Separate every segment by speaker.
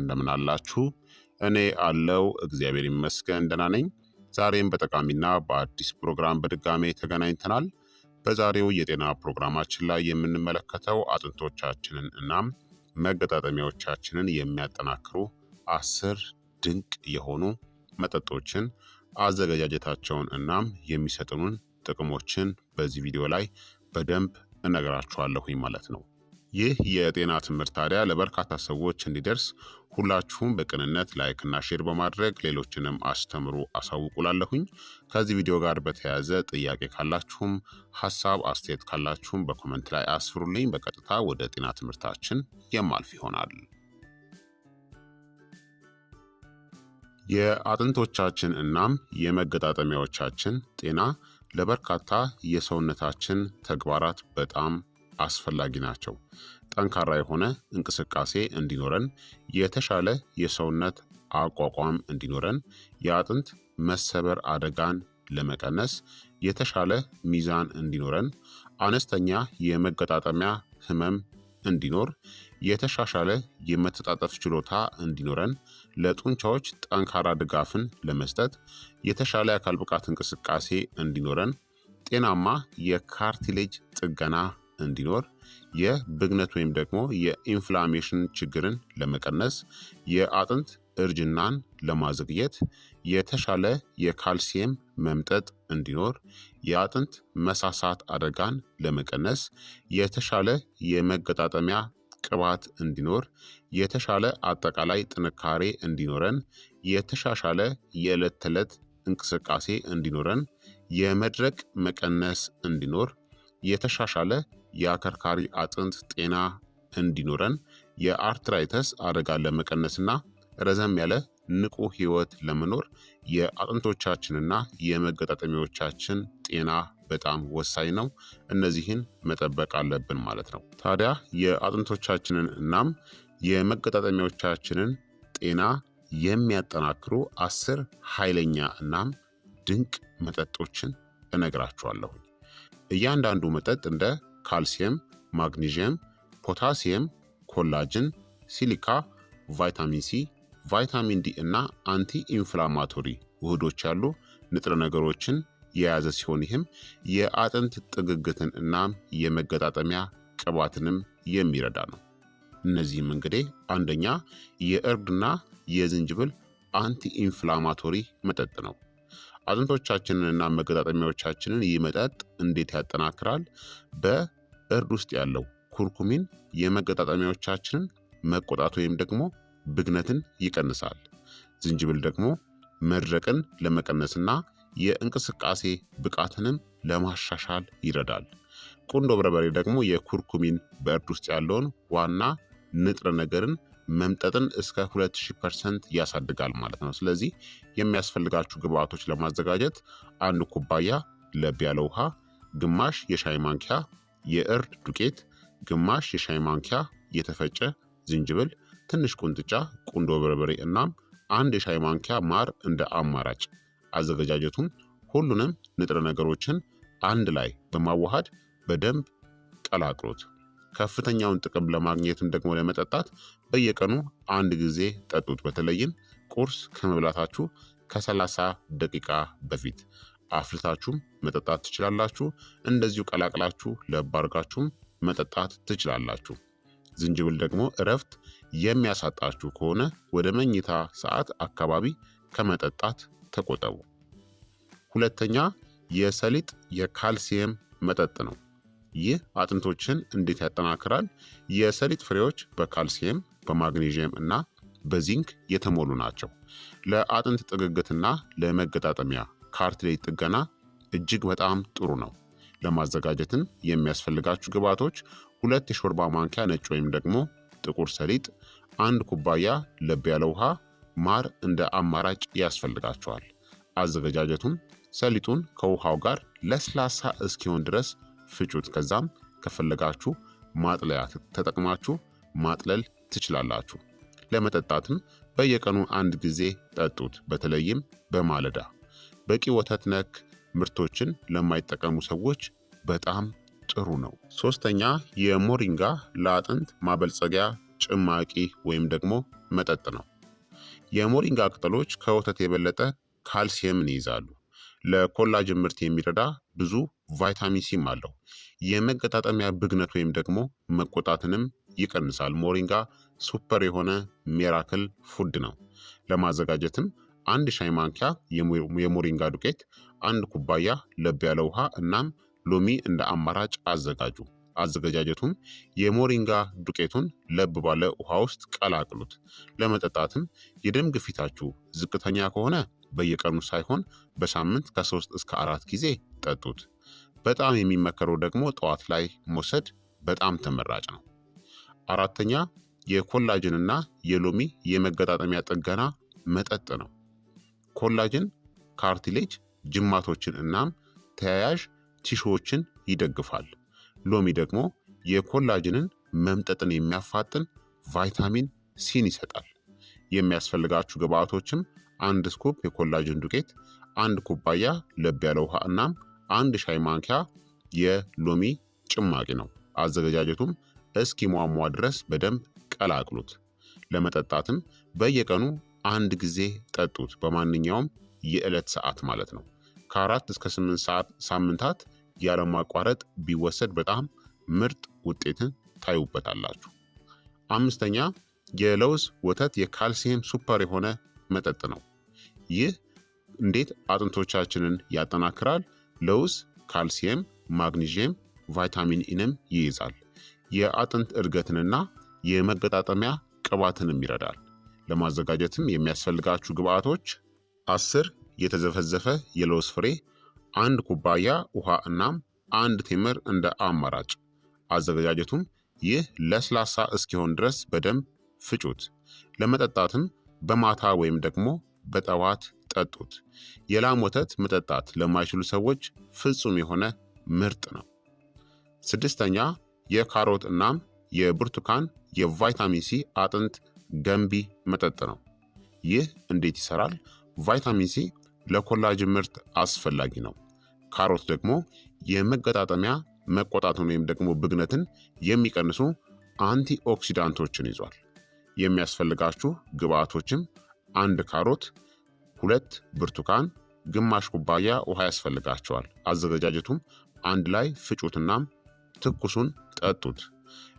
Speaker 1: እንደምን አላችሁ? እኔ አለው እግዚአብሔር ይመስገን ደህና ነኝ። ዛሬም በጠቃሚና በአዲስ ፕሮግራም በድጋሜ ተገናኝተናል። በዛሬው የጤና ፕሮግራማችን ላይ የምንመለከተው አጥንቶቻችንን እናም መገጣጠሚያዎቻችንን የሚያጠናክሩ አስር ድንቅ የሆኑ መጠጦችን አዘገጃጀታቸውን እናም የሚሰጥኑን ጥቅሞችን በዚህ ቪዲዮ ላይ በደንብ እነግራችኋለሁኝ ማለት ነው። ይህ የጤና ትምህርት ታዲያ ለበርካታ ሰዎች እንዲደርስ ሁላችሁም በቅንነት ላይክና ሼር በማድረግ ሌሎችንም አስተምሩ አሳውቁላለሁኝ። ከዚህ ቪዲዮ ጋር በተያያዘ ጥያቄ ካላችሁም ሀሳብ አስተያየት ካላችሁም በኮመንት ላይ አስፍሩልኝ። በቀጥታ ወደ ጤና ትምህርታችን የማልፍ ይሆናል። የአጥንቶቻችን እናም የመገጣጠሚያዎቻችን ጤና ለበርካታ የሰውነታችን ተግባራት በጣም አስፈላጊ ናቸው። ጠንካራ የሆነ እንቅስቃሴ እንዲኖረን፣ የተሻለ የሰውነት አቋቋም እንዲኖረን፣ የአጥንት መሰበር አደጋን ለመቀነስ፣ የተሻለ ሚዛን እንዲኖረን፣ አነስተኛ የመገጣጠሚያ ህመም እንዲኖር፣ የተሻሻለ የመተጣጠፍ ችሎታ እንዲኖረን፣ ለጡንቻዎች ጠንካራ ድጋፍን ለመስጠት፣ የተሻለ የአካል ብቃት እንቅስቃሴ እንዲኖረን፣ ጤናማ የካርቲሌጅ ጥገና እንዲኖር የብግነት ወይም ደግሞ የኢንፍላሜሽን ችግርን ለመቀነስ የአጥንት እርጅናን ለማዘግየት የተሻለ የካልሲየም መምጠጥ እንዲኖር የአጥንት መሳሳት አደጋን ለመቀነስ የተሻለ የመገጣጠሚያ ቅባት እንዲኖር የተሻለ አጠቃላይ ጥንካሬ እንዲኖረን የተሻሻለ የዕለት ተዕለት እንቅስቃሴ እንዲኖረን የመድረቅ መቀነስ እንዲኖር የተሻሻለ የአከርካሪ አጥንት ጤና እንዲኖረን የአርትራይተስ አደጋን ለመቀነስና ረዘም ያለ ንቁ ህይወት ለመኖር የአጥንቶቻችንና የመገጣጠሚያዎቻችን ጤና በጣም ወሳኝ ነው። እነዚህን መጠበቅ አለብን ማለት ነው። ታዲያ የአጥንቶቻችንን እናም የመገጣጠሚያዎቻችንን ጤና የሚያጠናክሩ አስር ኃይለኛ እናም ድንቅ መጠጦችን እነግራችኋለሁኝ። እያንዳንዱ መጠጥ እንደ ካልሲየም፣ ማግኒዥየም፣ ፖታሲየም፣ ኮላጅን፣ ሲሊካ፣ ቫይታሚን ሲ፣ ቫይታሚን ዲ እና አንቲ ኢንፍላማቶሪ ውህዶች ያሉ ንጥረ ነገሮችን የያዘ ሲሆን ይህም የአጥንት ጥግግትን እናም የመገጣጠሚያ ቅባትንም የሚረዳ ነው። እነዚህም እንግዲህ አንደኛ የእርድና የዝንጅብል አንቲ ኢንፍላማቶሪ መጠጥ ነው። አጥንቶቻችንንና መገጣጠሚያዎቻችንን ይህ መጠጥ እንዴት ያጠናክራል? በእርድ ውስጥ ያለው ኩርኩሚን የመገጣጠሚያዎቻችንን መቆጣት ወይም ደግሞ ብግነትን ይቀንሳል። ዝንጅብል ደግሞ መድረቅን ለመቀነስና የእንቅስቃሴ ብቃትንም ለማሻሻል ይረዳል። ቁንዶ በርበሬ ደግሞ የኩርኩሚን በእርድ ውስጥ ያለውን ዋና ንጥረ ነገርን መምጠጥን እስከ 2000 ፐርሰንት ያሳድጋል ማለት ነው። ስለዚህ የሚያስፈልጋችሁ ግብአቶች ለማዘጋጀት አንድ ኩባያ ለብ ያለ ውሃ፣ ግማሽ የሻይ ማንኪያ የእርድ ዱቄት፣ ግማሽ የሻይ ማንኪያ የተፈጨ ዝንጅብል፣ ትንሽ ቁንጥጫ፣ ቁንዶ በርበሬ እናም አንድ የሻይ ማንኪያ ማር እንደ አማራጭ። አዘገጃጀቱም ሁሉንም ንጥረ ነገሮችን አንድ ላይ በማዋሃድ በደንብ ቀላቅሎት ከፍተኛውን ጥቅም ለማግኘትም ደግሞ ለመጠጣት በየቀኑ አንድ ጊዜ ጠጡት። በተለይም ቁርስ ከመብላታችሁ ከሰላሳ ደቂቃ በፊት አፍልታችሁም መጠጣት ትችላላችሁ። እንደዚሁ ቀላቅላችሁ ለብ አድርጋችሁም መጠጣት ትችላላችሁ። ዝንጅብል ደግሞ እረፍት የሚያሳጣችሁ ከሆነ ወደ መኝታ ሰዓት አካባቢ ከመጠጣት ተቆጠቡ። ሁለተኛ የሰሊጥ የካልሲየም መጠጥ ነው። ይህ አጥንቶችን እንዴት ያጠናክራል? የሰሊጥ ፍሬዎች በካልሲየም በማግኔዥየም እና በዚንክ የተሞሉ ናቸው። ለአጥንት ጥግግትና ለመገጣጠሚያ ካርትሌጅ ጥገና እጅግ በጣም ጥሩ ነው። ለማዘጋጀትም የሚያስፈልጋችሁ ግብዓቶች ሁለት የሾርባ ማንኪያ ነጭ ወይም ደግሞ ጥቁር ሰሊጥ፣ አንድ ኩባያ ለብ ያለ ውሃ፣ ማር እንደ አማራጭ ያስፈልጋቸዋል። አዘገጃጀቱም ሰሊጡን ከውሃው ጋር ለስላሳ እስኪሆን ድረስ ፍጩት። ከዛም ከፈለጋችሁ ማጥለያ ተጠቅማችሁ ማጥለል ትችላላችሁ። ለመጠጣትም በየቀኑ አንድ ጊዜ ጠጡት፣ በተለይም በማለዳ። በቂ ወተት ነክ ምርቶችን ለማይጠቀሙ ሰዎች በጣም ጥሩ ነው። ሶስተኛ የሞሪንጋ ለአጥንት ማበልጸጊያ ጭማቂ ወይም ደግሞ መጠጥ ነው። የሞሪንጋ ቅጠሎች ከወተት የበለጠ ካልሲየምን ይይዛሉ። ለኮላጅን ምርት የሚረዳ ብዙ ቫይታሚን ሲም አለው። የመገጣጠሚያ ብግነት ወይም ደግሞ መቆጣትንም ይቀንሳል። ሞሪንጋ ሱፐር የሆነ ሜራክል ፉድ ነው። ለማዘጋጀትም አንድ ሻይ ማንኪያ የሞሪንጋ ዱቄት፣ አንድ ኩባያ ለብ ያለ ውሃ እናም ሎሚ እንደ አማራጭ አዘጋጁ። አዘገጃጀቱም የሞሪንጋ ዱቄቱን ለብ ባለ ውሃ ውስጥ ቀላቅሉት። ለመጠጣትም የደም ግፊታችሁ ዝቅተኛ ከሆነ በየቀኑ ሳይሆን በሳምንት ከሶስት እስከ አራት ጊዜ ጠጡት። በጣም የሚመከረው ደግሞ ጠዋት ላይ መውሰድ በጣም ተመራጭ ነው። አራተኛ የኮላጅንና የሎሚ የመገጣጠሚያ ጥገና መጠጥ ነው። ኮላጅን ካርቲሌጅ ጅማቶችን እናም ተያያዥ ቲሾዎችን ይደግፋል። ሎሚ ደግሞ የኮላጅንን መምጠጥን የሚያፋጥን ቫይታሚን ሲን ይሰጣል። የሚያስፈልጋችሁ ግብአቶችም አንድ ስኩፕ የኮላጅን ዱቄት፣ አንድ ኩባያ ለብ ያለ ውሃ እናም አንድ ሻይ ማንኪያ የሎሚ ጭማቂ ነው። አዘገጃጀቱም እስኪሟሟ ድረስ በደንብ ቀላቅሉት። ለመጠጣትም በየቀኑ አንድ ጊዜ ጠጡት፣ በማንኛውም የዕለት ሰዓት ማለት ነው። ከአራት እስከ ስምንት ሳምንታት ያለማቋረጥ ቢወሰድ በጣም ምርጥ ውጤትን ታዩበታላችሁ። አምስተኛ የለውዝ ወተት የካልሲየም ሱፐር የሆነ መጠጥ ነው። ይህ እንዴት አጥንቶቻችንን ያጠናክራል? ለውዝ ካልሲየም፣ ማግኒዥየም፣ ቫይታሚን ኢንም ይይዛል። የአጥንት እድገትንና የመገጣጠሚያ ቅባትንም ይረዳል። ለማዘጋጀትም የሚያስፈልጋችሁ ግብአቶች አስር የተዘፈዘፈ የለውዝ ፍሬ፣ አንድ ኩባያ ውሃ እናም አንድ ቴምር እንደ አማራጭ። አዘገጃጀቱም ይህ ለስላሳ እስኪሆን ድረስ በደንብ ፍጩት። ለመጠጣትም በማታ ወይም ደግሞ በጠዋት ጠጡት። የላም ወተት መጠጣት ለማይችሉ ሰዎች ፍጹም የሆነ ምርጥ ነው። ስድስተኛ የካሮት እናም የብርቱካን የቫይታሚን ሲ አጥንት ገንቢ መጠጥ ነው። ይህ እንዴት ይሰራል? ቫይታሚን ሲ ለኮላጅን ምርት አስፈላጊ ነው። ካሮት ደግሞ የመገጣጠሚያ መቆጣትን ወይም ደግሞ ብግነትን የሚቀንሱ አንቲ ኦክሲዳንቶችን ይዟል። የሚያስፈልጋችሁ ግብአቶችም አንድ ካሮት ሁለት ብርቱካን፣ ግማሽ ኩባያ ውሃ ያስፈልጋቸዋል። አዘገጃጀቱም አንድ ላይ ፍጩትናም ትኩሱን ጠጡት።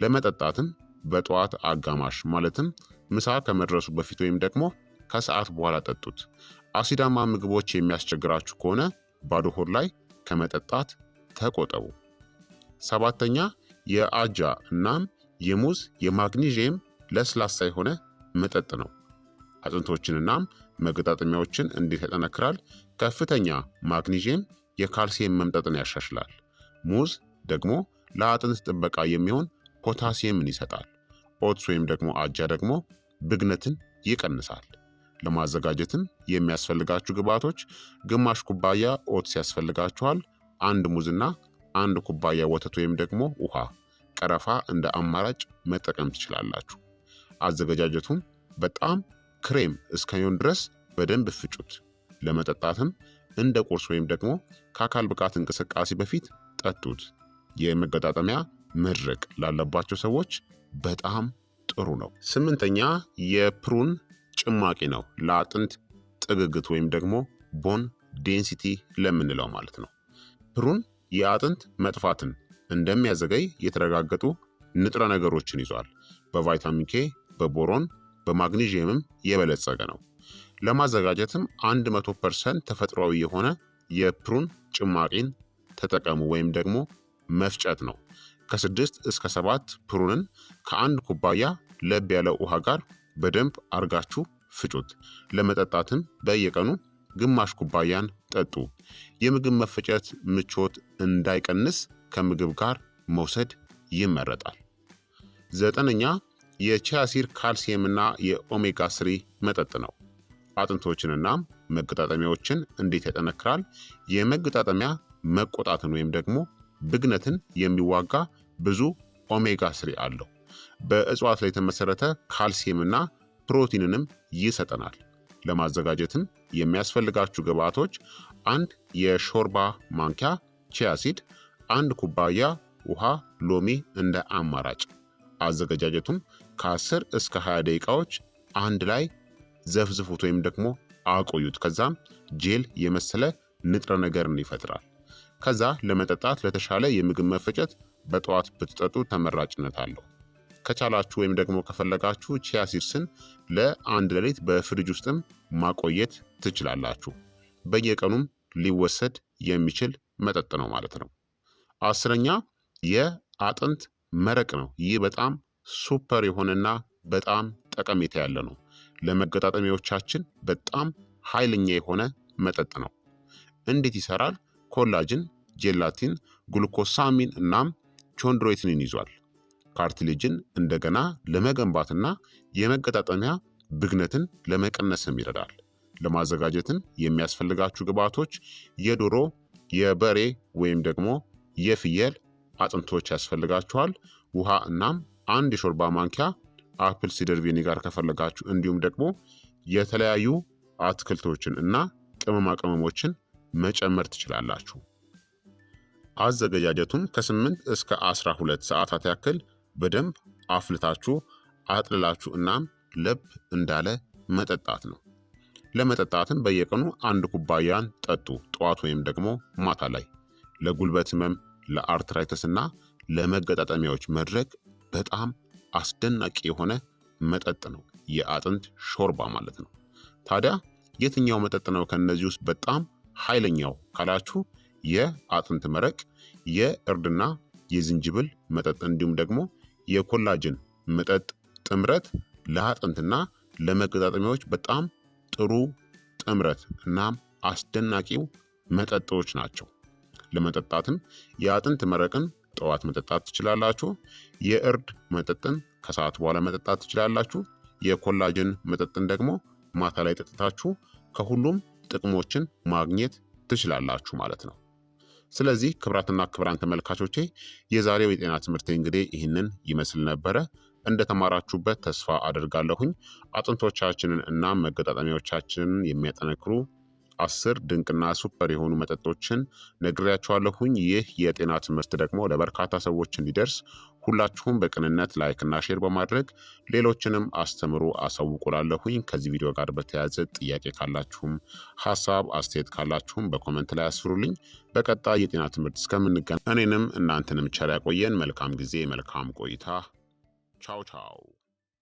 Speaker 1: ለመጠጣትም በጠዋት አጋማሽ ማለትም ምሳ ከመድረሱ በፊት ወይም ደግሞ ከሰዓት በኋላ ጠጡት። አሲዳማ ምግቦች የሚያስቸግራችሁ ከሆነ ባዶ ሆድ ላይ ከመጠጣት ተቆጠቡ። ሰባተኛ የአጃ እናም የሙዝ የማግኒዥየም ለስላሳ የሆነ መጠጥ ነው። አጥንቶችን እናም መገጣጠሚያዎችን እንዴት ያጠነክራል? ከፍተኛ ማግኒዥየም የካልሲየም መምጠጥን ያሻሽላል። ሙዝ ደግሞ ለአጥንት ጥበቃ የሚሆን ፖታሲየምን ይሰጣል። ኦትስ ወይም ደግሞ አጃ ደግሞ ብግነትን ይቀንሳል። ለማዘጋጀትም የሚያስፈልጋችሁ ግብዓቶች ግማሽ ኩባያ ኦትስ ያስፈልጋችኋል፣ አንድ ሙዝና አንድ ኩባያ ወተት ወይም ደግሞ ውሃ። ቀረፋ እንደ አማራጭ መጠቀም ትችላላችሁ። አዘገጃጀቱም በጣም ክሬም እስከሚሆን ድረስ በደንብ ፍጩት። ለመጠጣትም እንደ ቁርስ ወይም ደግሞ ከአካል ብቃት እንቅስቃሴ በፊት ጠጡት። የመገጣጠሚያ መድረቅ ላለባቸው ሰዎች በጣም ጥሩ ነው። ስምንተኛ የፕሩን ጭማቂ ነው። ለአጥንት ጥግግት ወይም ደግሞ ቦን ዴንሲቲ ለምንለው ማለት ነው። ፕሩን የአጥንት መጥፋትን እንደሚያዘገይ የተረጋገጡ ንጥረ ነገሮችን ይዟል። በቫይታሚን ኬ፣ በቦሮን፣ በማግኒዥየምም የበለጸገ ነው። ለማዘጋጀትም 100% ተፈጥሯዊ የሆነ የፕሩን ጭማቂን ተጠቀሙ ወይም ደግሞ መፍጨት ነው። ከ6 እስከ 7 ፕሩንን ከአንድ ኩባያ ለብ ያለ ውሃ ጋር በደንብ አርጋችሁ ፍጩት። ለመጠጣትም በየቀኑ ግማሽ ኩባያን ጠጡ። የምግብ መፈጨት ምቾት እንዳይቀንስ ከምግብ ጋር መውሰድ ይመረጣል። ዘጠነኛ የቺያሲር ካልሲየምና የኦሜጋ ስሪ መጠጥ ነው። አጥንቶችንና መገጣጠሚያዎችን እንዴት ያጠነክራል? የመገጣጠሚያ መቆጣትን ወይም ደግሞ ብግነትን የሚዋጋ ብዙ ኦሜጋ ስሪ አለው። በእጽዋት ላይ የተመሰረተ ካልሲየምና ፕሮቲንንም ይሰጠናል። ለማዘጋጀትም የሚያስፈልጋችሁ ግብአቶች አንድ የሾርባ ማንኪያ ቺያሲድ፣ አንድ ኩባያ ውሃ፣ ሎሚ እንደ አማራጭ አዘገጃጀቱም ከ10 እስከ 20 ደቂቃዎች አንድ ላይ ዘፍዝፉት ወይም ደግሞ አቆዩት። ከዛም ጄል የመሰለ ንጥረ ነገርን ይፈጥራል። ከዛ ለመጠጣት ለተሻለ የምግብ መፈጨት በጠዋት ብትጠጡ ተመራጭነት አለው። ከቻላችሁ ወይም ደግሞ ከፈለጋችሁ ቺያ ሲድስን ለአንድ ሌሊት በፍሪጅ ውስጥም ማቆየት ትችላላችሁ። በየቀኑም ሊወሰድ የሚችል መጠጥ ነው ማለት ነው። አስረኛ የአጥንት መረቅ ነው። ይህ በጣም ሱፐር የሆነና በጣም ጠቀሜታ ያለ ነው። ለመገጣጠሚያዎቻችን በጣም ኃይለኛ የሆነ መጠጥ ነው። እንዴት ይሰራል? ኮላጅን፣ ጄላቲን፣ ግሉኮሳሚን እናም ቾንድሮይትንን ይዟል። ካርትሌጅን እንደገና ለመገንባትና የመገጣጠሚያ ብግነትን ለመቀነስም ይረዳል። ለማዘጋጀትም የሚያስፈልጋችሁ ግብዓቶች የዶሮ የበሬ ወይም ደግሞ የፍየል አጥንቶች ያስፈልጋችኋል። ውሃ እናም አንድ የሾርባ ማንኪያ አፕል ሲደር ቪኒጋር ከፈለጋችሁ እንዲሁም ደግሞ የተለያዩ አትክልቶችን እና ቅመማ ቅመሞችን መጨመር ትችላላችሁ። አዘገጃጀቱም ከ8 እስከ 12 ሰዓታት ያክል በደንብ አፍልታችሁ አጥልላችሁ እናም ለብ እንዳለ መጠጣት ነው። ለመጠጣትን በየቀኑ አንድ ኩባያን ጠጡ፣ ጠዋት ወይም ደግሞ ማታ ላይ። ለጉልበት ህመም ለአርትራይተስ እና ለመገጣጠሚያዎች መድረግ በጣም አስደናቂ የሆነ መጠጥ ነው፣ የአጥንት ሾርባ ማለት ነው። ታዲያ የትኛው መጠጥ ነው ከእነዚህ ውስጥ በጣም ኃይለኛው ካላችሁ የአጥንት መረቅ፣ የእርድና የዝንጅብል መጠጥ እንዲሁም ደግሞ የኮላጅን መጠጥ ጥምረት ለአጥንትና ለመገጣጠሚያዎች በጣም ጥሩ ጥምረት እናም አስደናቂው መጠጦች ናቸው። ለመጠጣትም የአጥንት መረቅን ጠዋት መጠጣት ትችላላችሁ። የእርድ መጠጥን ከሰዓት በኋላ መጠጣት ትችላላችሁ። የኮላጅን መጠጥን ደግሞ ማታ ላይ ጠጥታችሁ ከሁሉም ጥቅሞችን ማግኘት ትችላላችሁ ማለት ነው። ስለዚህ ክብራትና ክብራን ተመልካቾቼ የዛሬው የጤና ትምህርት እንግዲህ ይህንን ይመስል ነበረ። እንደተማራችሁበት ተስፋ አድርጋለሁኝ። አጥንቶቻችንን እና መገጣጠሚያዎቻችንን የሚያጠነክሩ አስር ድንቅና ሱፐር የሆኑ መጠጦችን ነግሬያቸዋለሁኝ። ይህ የጤና ትምህርት ደግሞ ለበርካታ ሰዎች እንዲደርስ ሁላችሁም በቅንነት ላይክና ሼር በማድረግ ሌሎችንም አስተምሩ አሳውቁላለሁኝ። ከዚህ ቪዲዮ ጋር በተያያዘ ጥያቄ ካላችሁም ሀሳብ አስተያየት ካላችሁም በኮመንት ላይ አስፍሩልኝ። በቀጣይ የጤና ትምህርት እስከምንገናኝ እኔንም እናንተንም ቸር ያቆየን። መልካም ጊዜ፣ መልካም ቆይታ። ቻው ቻው